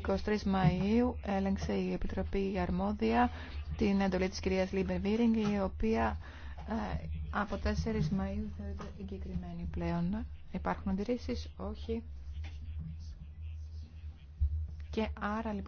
23 Μαΐου έλεγξε η Επιτροπή η Αρμόδια την εντολή της κυρίας Λίμπερ Βίρινγκ, η οποία ε, από 4 Μαΐου θεωρείται εγκεκριμένη πλέον. Υπάρχουν αντιρρήσεις, όχι. Και άρα λοιπόν...